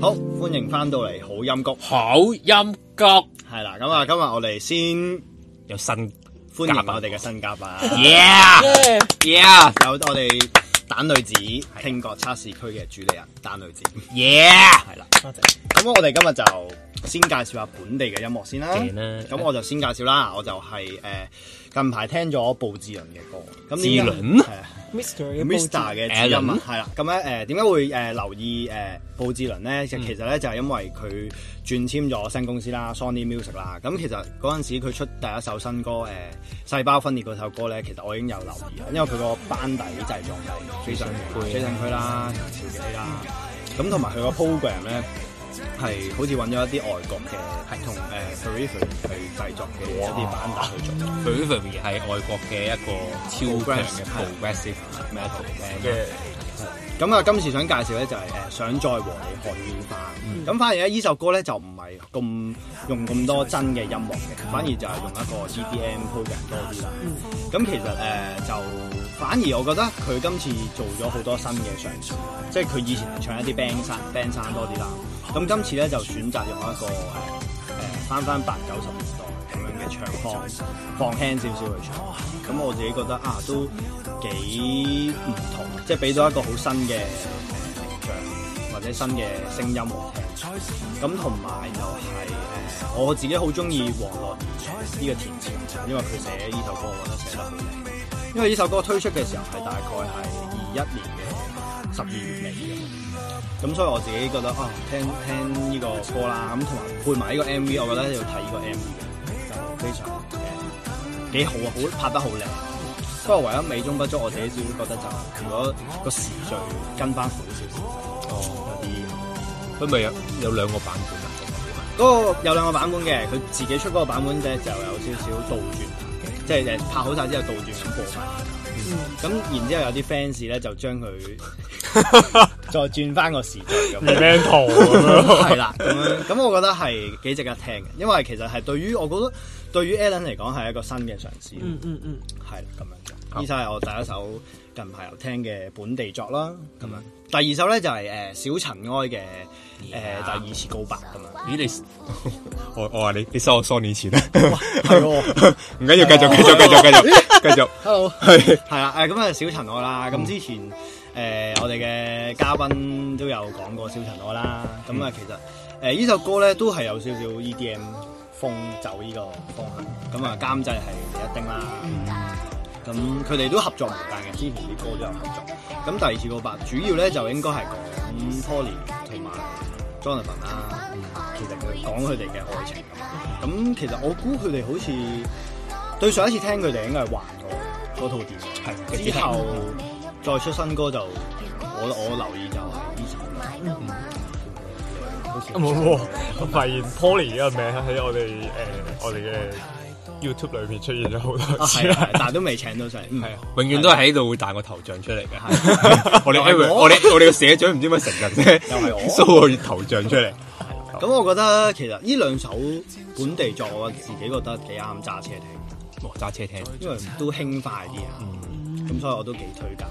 好歡迎翻到嚟，好音谷，好音谷係啦，咁啊，今日我哋先有新歡迎我哋嘅新嘉賓啊。耶耶，耶有我哋蛋女子聽覺測試區嘅主理人蛋女子耶。耶係啦，咁我哋今日就先介紹下本地嘅音樂先啦，咁我就先介紹啦，我就係誒近排聽咗布志綸嘅歌，志綸。Mister 嘅音啊，係啦嗎，咁咧誒點解會誒留意誒布志綸咧？呃呢嗯、其實咧就係因為佢轉簽咗新公司啦，Sony Music 啦。咁其實嗰陣時佢出第一首新歌誒、呃《細胞分裂》嗰首歌咧，其實我已經有留意啦，因為佢個班底製作係非常配，非常配啦，潮仔啦，咁同埋佢個 program 咧。係好似揾咗一啲外國嘅，係同誒 Periphery 去製作嘅一啲 b a 去做。哇 Periphery ress 係外國嘅一個超強嘅 progressive metal 嘅高音，係啦。咁啊，今次想介紹咧就係誒想再和你學戀愛。咁、嗯、反而咧呢首歌咧就唔係咁用咁多真嘅音樂嘅，反而就係用一個 EDM program 多啲啦。咁、嗯嗯、其實誒、呃、就。反而我覺得佢今次做咗好多新嘅嘗試，即係佢以前係唱一啲 band 山 band 山多啲啦。咁今次咧就選擇用一個係誒、呃、翻翻八九十年代咁樣嘅唱腔，放輕少少去唱。咁我自己覺得啊，都幾唔同，即係俾到一個好新嘅形象或者新嘅聲音我聽。咁同埋又係誒我自己好中意黃樂呢個填詞，因為佢寫呢首歌我得寫得好。因為呢首歌推出嘅時候係大概係二一年嘅十二月尾嘅，咁所以我自己覺得啊、哦，聽聽呢個歌啦，咁同埋配埋呢個 MV，我覺得要睇呢個 MV 嘅就非常誒幾好啊，好拍得好靚。不過唯一美中不足，我自己少覺得就係，如果個時序跟翻好少少，哦有啲，佢咪有有兩個版本嗰，嗰個有兩個版本嘅，佢自己出嗰個版本嘅就有少少倒轉。即係拍好晒之後倒轉咁播翻，咁、嗯嗯、然之後有啲 fans 咧，就將佢 再轉翻個時代。咁播，係啦咁樣，咁我覺得係幾值得聽嘅，因為其實係對於我覺得對於 Allen 嚟講係一個新嘅嘗試，嗯嗯嗯，係啦咁樣，呢首係我第一首。近排又聽嘅本地作啦咁啊，第二首咧就係誒小塵埃嘅誒第二次告白咁啊！咦，你我我話你你收我三年前啊，係喎，唔緊要，繼續繼續繼續繼續繼續。Hello，係係啦，誒咁啊小塵埃啦，咁之前誒我哋嘅嘉賓都有講過小塵埃啦，咁啊其實誒呢首歌咧都係有少少 EDM 風走呢個方向，咁啊監製係李一丁啦。咁佢哋都合作唔間嘅，之前啲歌都有合作。咁第二次告白主要咧就應該係講 Polly 同埋 Jonathan 啦、啊，其實佢講佢哋嘅愛情。咁其實我估佢哋好似對上一次聽佢哋應該係還過嗰套碟，係之後再出新歌就我我留意就係呢首。冇喎，發 現 Polly 呢個名喺我哋誒、呃、我哋嘅。YouTube 裏面出現咗好多次，但係都未請到上嚟。永遠都係喺度會彈個頭像出嚟嘅。我哋我哋我哋個社長唔知乜成又咗咩，騷個頭像出嚟。咁我覺得其實呢兩首本地作我自己覺得幾啱揸車聽，揸車聽，因為都輕快啲啊。咁所以我都幾推介。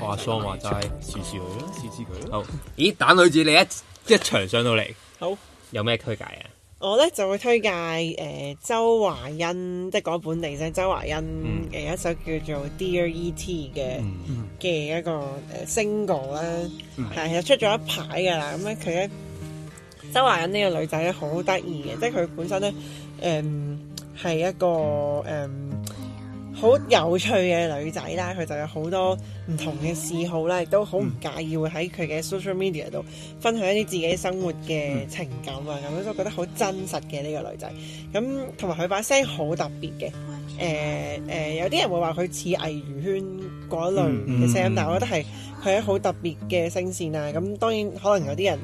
我話雙話齋，試試佢啦，試試佢啦。好，咦？蛋女子你一一場上到嚟，好有咩推介啊？我咧就會推介誒、呃、周華欣，即係本地啫，周華欣嘅一首叫做 Dear E T 嘅嘅一個 Single 啦。係其實出咗一排噶啦，咁咧佢咧周華欣呢個女仔咧好得意嘅，即係佢本身咧誒係一個誒。嗯好有趣嘅女仔啦，佢就有好多唔同嘅嗜好啦，亦都好唔介意、嗯、會喺佢嘅 social media 度分享一啲自己生活嘅情感、嗯、啊，咁樣都覺得好真實嘅呢、這個女仔。咁同埋佢把聲好特別嘅，誒、呃、誒、呃，有啲人會話佢似魏如萱嗰一類嘅聲音，嗯嗯、但係我覺得係佢好特別嘅聲線啊。咁當然可能有啲人。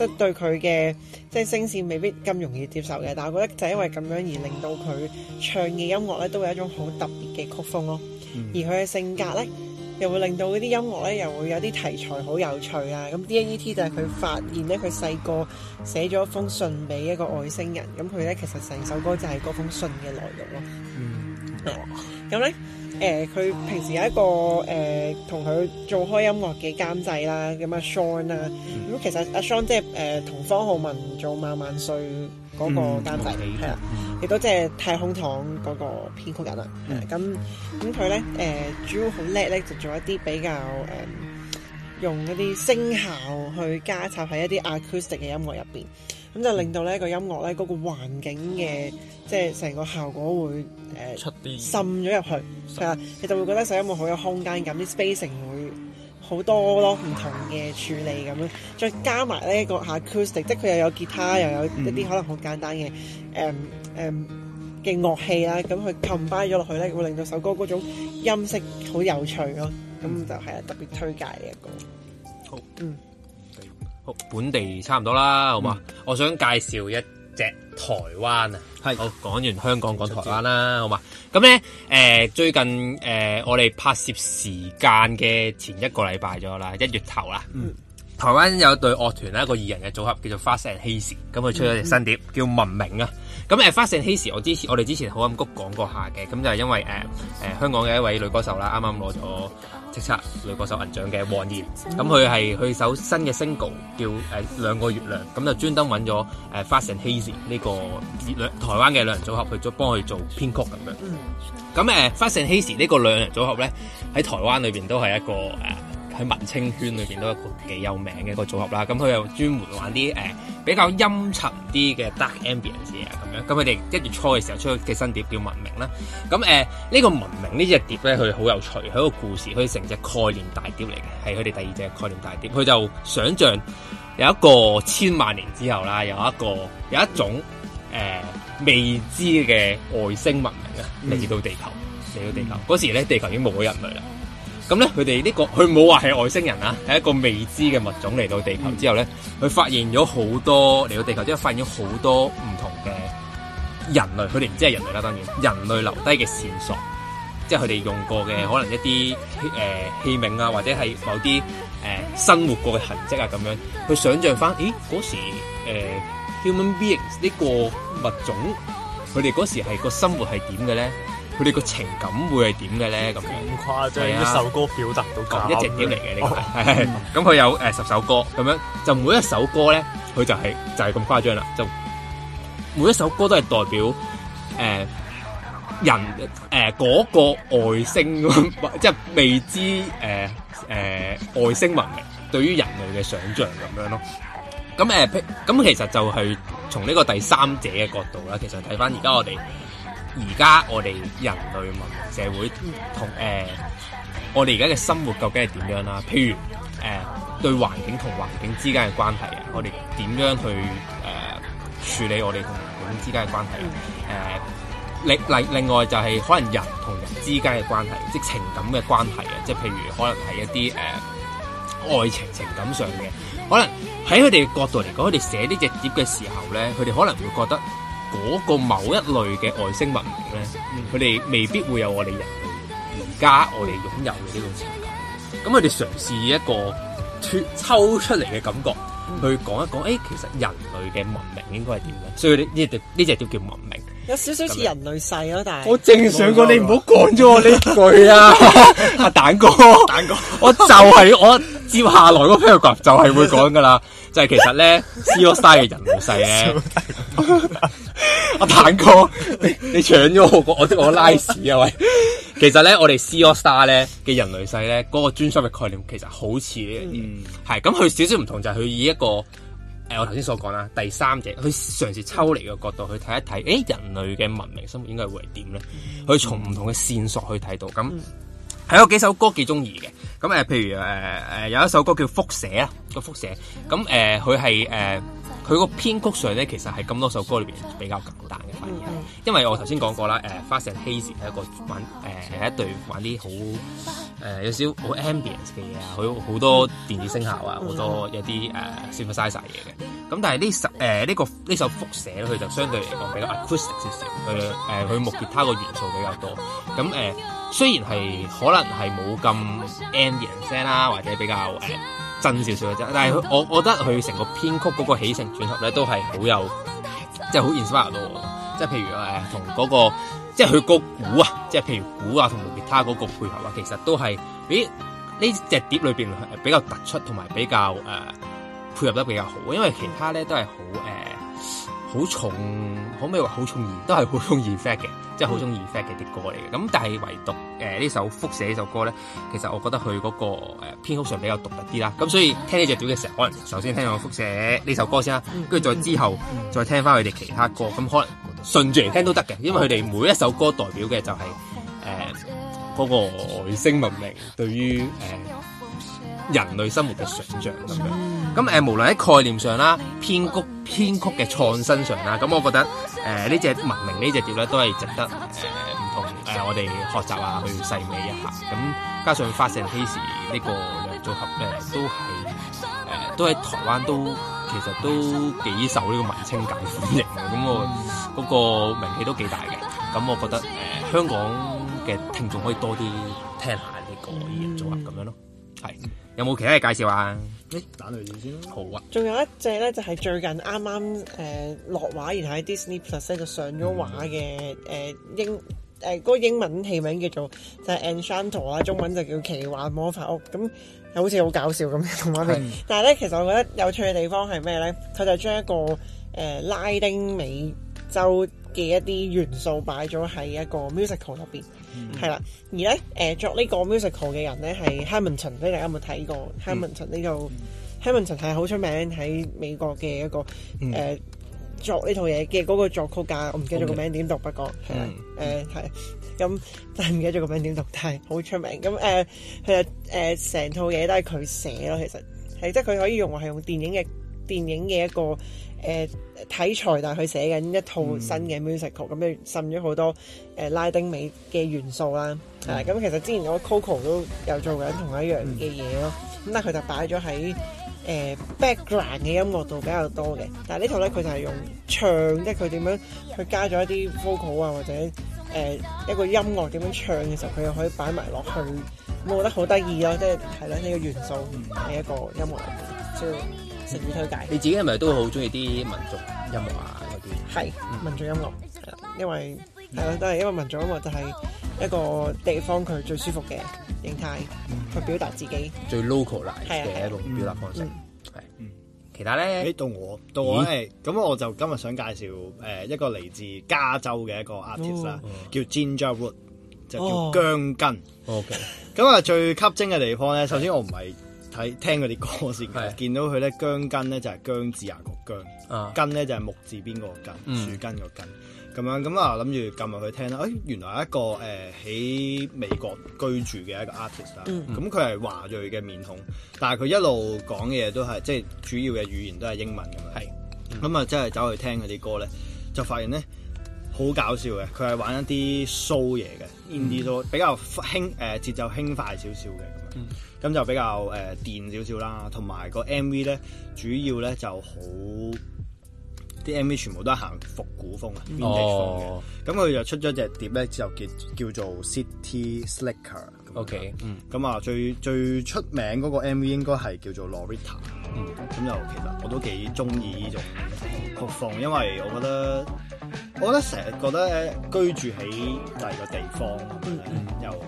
即係對佢嘅即係聲線未必咁容易接受嘅，但係我覺得就係因為咁樣而令到佢唱嘅音樂咧都有一種好特別嘅曲風咯、哦。嗯、而佢嘅性格咧又會令到嗰啲音樂咧又會有啲題材好有趣啊！咁 D n E T 就係佢發現咧，佢細個寫咗一封信俾一個外星人，咁佢咧其實成首歌就係嗰封信嘅內容咯、哦。嗯，咁、哦、咧。嗯誒佢、呃、平時有一個誒同佢做開音樂嘅監製啦，咁啊，啊 Shawn 啦，咁其實阿 Shawn 即係誒同方浩文做《萬萬歲》嗰個監製，啦、嗯，亦都即係太空堂嗰個編曲人啊，咁咁佢咧誒主要好叻咧，就做一啲比較誒、嗯、用一啲聲效去加插喺一啲 acoustic 嘅音樂入邊。咁、嗯、就令到呢、呢個音樂咧嗰個環境嘅，即係成個效果會誒、呃、點滲咗入去，係啊水，你就會覺得首音樂好有空間感，啲 spacing 會好多咯，唔同嘅處理咁樣，再加埋呢、呢個 acoustic，即係佢又有吉他，又有一啲可能好簡單嘅誒誒嘅樂器啦，咁佢 combine 咗落去咧，會令到首歌嗰種音色好有趣咯，咁就係、是、特別推介嘅一個。嗯、好，嗯。本地差唔多啦，好嘛？嗯、我想介紹一隻台灣啊，係的好，講完香港講台灣啦，說好嘛？咁咧，誒、呃，最近誒、呃，我哋拍攝時間嘅前一個禮拜咗啦，一月頭啦。嗯台灣有隊樂團咧，一個二人嘅組合叫做 Vast & Hazy，咁佢出咗隻新碟叫《文明》啊。咁誒，Vast & Hazy，我之前我哋之前好音谷講過下嘅，咁就係因為誒誒香港嘅一位女歌手啦，啱啱攞咗叱咤女歌手銀獎嘅王傑，咁佢係佢首新嘅 single 叫《誒兩個月亮》，咁就專登揾咗誒 Vast & Hazy 呢個兩台灣嘅兩人組合去咗幫佢做編曲咁樣。咁誒，Vast & Hazy 呢個兩人組合咧喺台灣裏邊都係一個誒。喺文青圈裏邊都有一個幾有名嘅一個組合啦，咁佢又專門玩啲誒、呃、比較陰沉啲嘅 dark ambience 啊，咁樣，咁佢哋一月初嘅時候出嘅新碟叫《文明》啦，嗯、呃、這個，咁誒呢個《文明》呢隻碟咧，佢好有趣，佢一個故事，佢成隻概念大碟嚟嘅，係佢哋第二隻概念大碟，佢就想象有一個千萬年之後啦，有一個有一種誒、呃、未知嘅外星文明啊嚟到地球，嚟到地球嗰、嗯、時咧，地球已經冇咗人類啦。咁咧，佢哋呢個佢冇話係外星人啊，係一個未知嘅物種嚟到地球之後咧，佢發現咗好多嚟到地球之後發現咗好多唔同嘅人類，佢哋唔知係人類啦，當然人類留低嘅線索，即係佢哋用過嘅可能一啲誒器皿啊，或者係某啲誒生活過嘅痕跡啊，咁樣，佢想象翻，咦嗰時誒 human beings 呢個物種，佢哋嗰時係個生活係點嘅咧？佢哋個情感會係點嘅咧？咁樣咁誇張，一首歌表達到咁，一隻碟嚟嘅呢個，係係。咁佢有誒十首歌咁樣，就每一首歌咧，佢就係就係咁誇張啦。就每一首歌都係代表誒人誒嗰個外星，即係未知誒誒外星文明對於人類嘅想像咁樣咯。咁誒咁其實就係從呢個第三者嘅角度啦。其實睇翻而家我哋。而家我哋人類文明社會同誒、呃、我哋而家嘅生活究竟係點樣啦？譬如誒、呃、對環境同環境之間嘅關係，我哋點樣去誒、呃、處理我哋同環境之間嘅關係？誒另另另外就係可能人同人之間嘅關係，即係情感嘅關係嘅，即係譬如可能係一啲誒、呃、愛情情感上嘅，可能喺佢哋嘅角度嚟講，佢哋寫呢隻碟嘅時候咧，佢哋可能會覺得。嗰個某一類嘅外星文明咧，佢哋未必會有我哋人類而家我哋擁有嘅呢種情感。咁佢哋嘗試一個脫抽出嚟嘅感覺，去講一講，誒其實人類嘅文明應該係點樣？所以呢呢隻呢隻都叫文明。有少少似人類世咯，但係我正想講，你唔好講咗我呢句啊，阿蛋哥，蛋哥，我就係我接下來個 paragraph 就係會講噶啦，就係其實咧，Starry 人類世嘅。阿坦哥，你你搶咗我個我我拉屎啊喂！其實咧，我哋 C AllStar 咧嘅人類世咧，嗰個專輯嘅概念其實好似呢樣嘢，係咁，佢少少唔同就係佢以一個誒我頭先所講啦，第三者佢嘗試抽離嘅角度去睇一睇，誒人類嘅文明生活應該會係點咧？佢從唔同嘅線索去睇到，咁係有幾首歌幾中意嘅。咁誒，譬如誒誒有一首歌叫《輻射》啊，個輻射咁誒，佢係誒。佢個編曲上咧，其實係咁多首歌裏邊比較簡單嘅，反而因為我頭先講過啦，誒、 uh,，Vast & Hazy 係一個玩誒、uh, 一對玩啲好誒有少好 ambience 嘅嘢啊，好好多電子聲效啊，好、嗯、多有啲誒 synthesizer 嘢嘅。咁、uh, 但係呢、uh, 呢個、首呢個呢首輻射咧，佢就相對嚟講比較 acoustic 少少，佢誒佢木吉他個元素比較多。咁誒、uh, 雖然係可能係冇咁 ambience 聲啦，或者比較誒。Uh, 震少少嘅啫，但係我覺得佢成個編曲嗰個起承轉合咧，都係好有，即係好 inspire 咯。即係譬如誒，同、呃、嗰、那個，即係佢個鼓啊，即係譬如鼓啊同吉他嗰個配合啊，其實都係比呢隻碟裏邊比較突出同埋比較誒、呃、配合得比較好，因為其他咧都係好誒。呃好重，可唔可以話好重？然都係好中意 f a t 嘅，即係好中意 f a t 嘅啲歌嚟嘅。咁但係唯獨誒呢首《輻射》呢首歌咧，其實我覺得佢嗰、嗰個誒編、呃、曲上比較獨特啲啦。咁、嗯、所以聽呢隻碟嘅時候，可能首先聽下《輻射》呢首歌先啦，跟住再之後再聽翻佢哋其他歌。咁、嗯嗯、可能順住嚟聽都得嘅，因為佢哋每一首歌代表嘅就係誒嗰個外星文明對於誒、呃、人類生活嘅想象咁樣。咁誒、呃，無論喺概念上啦，編曲編曲嘅創新上啦，咁、嗯、我覺得誒呢隻文明隻呢隻碟咧，都係值得誒唔、呃、同誒、呃、我哋學習啊，去細味一下。咁、嗯、加上 Vast & Hazy 呢個兩組合咧、呃，都係誒、呃、都喺台灣都其實都幾受呢個文青嘅歡迎嘅。咁、嗯、我嗰、那個名氣都幾大嘅。咁、嗯、我覺得誒、呃、香港嘅聽眾可以多啲聽，聽下呢個二人組合咁樣咯。係，是有冇其他嘅介紹啊？誒，打類片先好啊。仲有一隻咧，就係、是、最近啱啱誒落畫，然後喺 Disney Plus 就上咗畫嘅誒、嗯呃、英誒嗰、呃那個英文戲名叫做就係、是、Encanto 啦，中文就叫奇幻魔法屋。咁又好似好搞笑咁嘅動畫片。 他嗯、但係咧，其實我覺得有趣嘅地方係咩咧？佢就將一個誒、呃、拉丁美洲嘅一啲元素擺咗喺一個 musical 入邊。係啦、mm hmm.，而咧誒、呃、作個呢個 musical 嘅人咧係 Hamilton，唔知大家有冇睇過、mm、Hamilton 呢、呢個 Hamilton 係好出名喺美國嘅一個誒、mm hmm. 呃、作呢套嘢嘅嗰個作曲家，mm hmm. 我唔記得咗個名點讀、mm hmm. 不過，係誒係咁但係唔記得咗個名點讀，mm hmm. 但係好出名咁誒、嗯呃呃，其實誒成套嘢都係佢寫咯，其實係即係佢可以用話係用電影嘅電影嘅一個。誒題、呃、材，但係佢寫緊一套新嘅 musical，咁樣滲咗好多誒、呃、拉丁美嘅元素啦。係咁、嗯啊，其實之前我個 Coco 都有做緊同一樣嘅嘢咯。咁、嗯、但係佢就擺咗喺誒 background 嘅音樂度比較多嘅。但係呢套咧，佢就係用唱，即係佢點樣去加咗一啲 vocal 啊，或者誒、呃、一個音樂點樣唱嘅時候，佢又可以擺埋落去。咁我覺得好得意咯，即係係咯呢個元素係一個音樂嘅。推介你自己係咪都好中意啲民族音樂啊？嗰啲係民族音樂，係啦，因為係咯，都係因為民族音樂就係一個地方佢最舒服嘅形態去表達自己，最 local 嘅一種表達方式。係，其他咧，到我到我咧，咁我就今日想介紹誒一個嚟自加州嘅一個 artist 啦，叫 Ginger Root，就叫薑根。OK，咁啊最吸睛嘅地方咧，首先我唔係。聽佢啲歌先。是見到佢，咧姜根咧就係、是、姜子牙個姜，啊、根咧就係、是、木字邊個根，樹、嗯、根個根，咁樣咁啊諗住撳入去聽啦，誒、欸、原來一個誒喺、呃、美國居住嘅一個 artist 啦，咁佢係華裔嘅面孔，但係佢一路講嘅嘢都係即係主要嘅語言都係英文咁樣，咁啊即係走去聽佢啲歌咧，就發現咧。好搞笑嘅，佢係玩一啲騷嘢嘅，indie 騷比較輕誒、呃、節奏輕快少少嘅，咁咁、嗯、就比較誒、呃、電少少啦。同埋個 MV 咧，主要咧就好啲 MV 全部都係行復古風啊，Vintage 風嘅，咁佢、哦、就出咗隻碟咧，就叫叫做 City Slicker Okay,。O K，咁啊最最出名嗰個 MV 應該係叫做 Lorita，咁就其實我都幾中意呢種曲風，因為我覺得。我覺得成日覺得誒居住喺第二個地方，又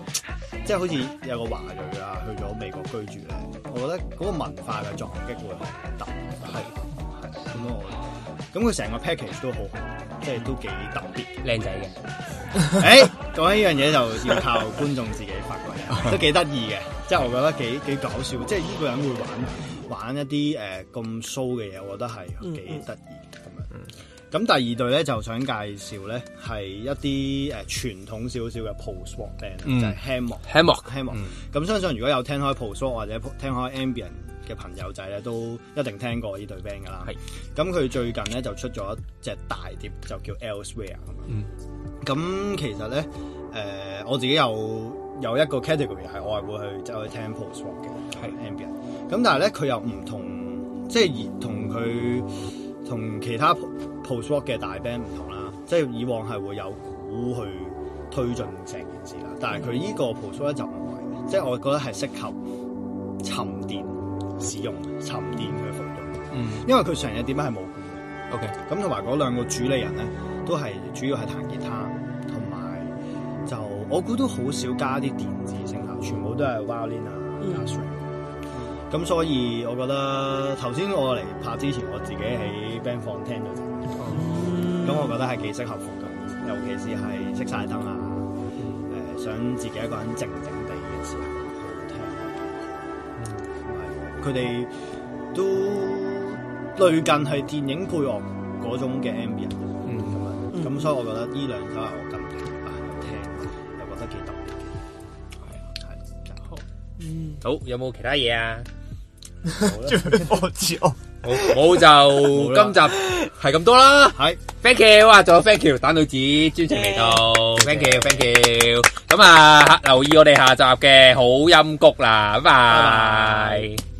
即係好似有個華裔啊去咗美國居住咧，我覺得嗰個文化嘅撞擊會特別係係咁咯。咁佢成個 package 都好，即係都幾特別。靚仔嘅，誒講緊呢樣嘢就要靠觀眾自己發掘，都幾得意嘅。即係我覺得幾幾搞笑，即係呢個人會玩玩一啲誒咁 show 嘅嘢，我覺得係幾得意咁樣。咁第二隊咧，就想介紹咧係一啲誒、呃、傳統少少嘅 post rock band，嗯、就係 Hammock、Hammock、Hammock。咁、嗯、相信如果有聽開 post rock 或者聽開 ambient 嘅朋友仔咧，都一定聽過呢隊 band 噶啦。咁佢是最近咧就出咗一隻大碟，就叫 Elsewhere、嗯。咁其實咧，誒、呃、我自己有有一個 category 係我係會去走、就是、去聽 post、就是、rock 嘅，係 ambient。咁但係咧，佢又唔同，即係同佢同其他。Post rock 嘅大 band 唔同啦，即係以往係會有鼓去推進成件事啦，但係佢呢個 post 咧就唔係，即係我覺得係適合沉澱使用沉澱、沉澱嘅服用。嗯，因為佢成日點解係冇鼓嘅。OK，咁同埋嗰兩個主理人咧，都係主要係彈吉他，同埋就我估都好少加啲電子聲效，全部都係 violin 啊、guitar 咁所以，我覺得頭先我嚟拍之前，我自己喺 band 房聽咗。咁我覺得係幾適合用嘅，尤其是係熄晒燈啊，誒想自己一個人靜靜地嘅時候去聽。佢哋都類近係電影配樂嗰種嘅 ambient。嗯，咁啊，咁所以我覺得呢兩首係我近期啊聽，又覺得幾特別。係啊，好，嗯，好，有冇其他嘢啊？就冇其他。好，就今集係咁多啦。係，thank you，哇，仲有 thank you，蛋女子專程嚟到，thank you，thank you。咁啊，留意我哋下集嘅好音谷啦，拜拜。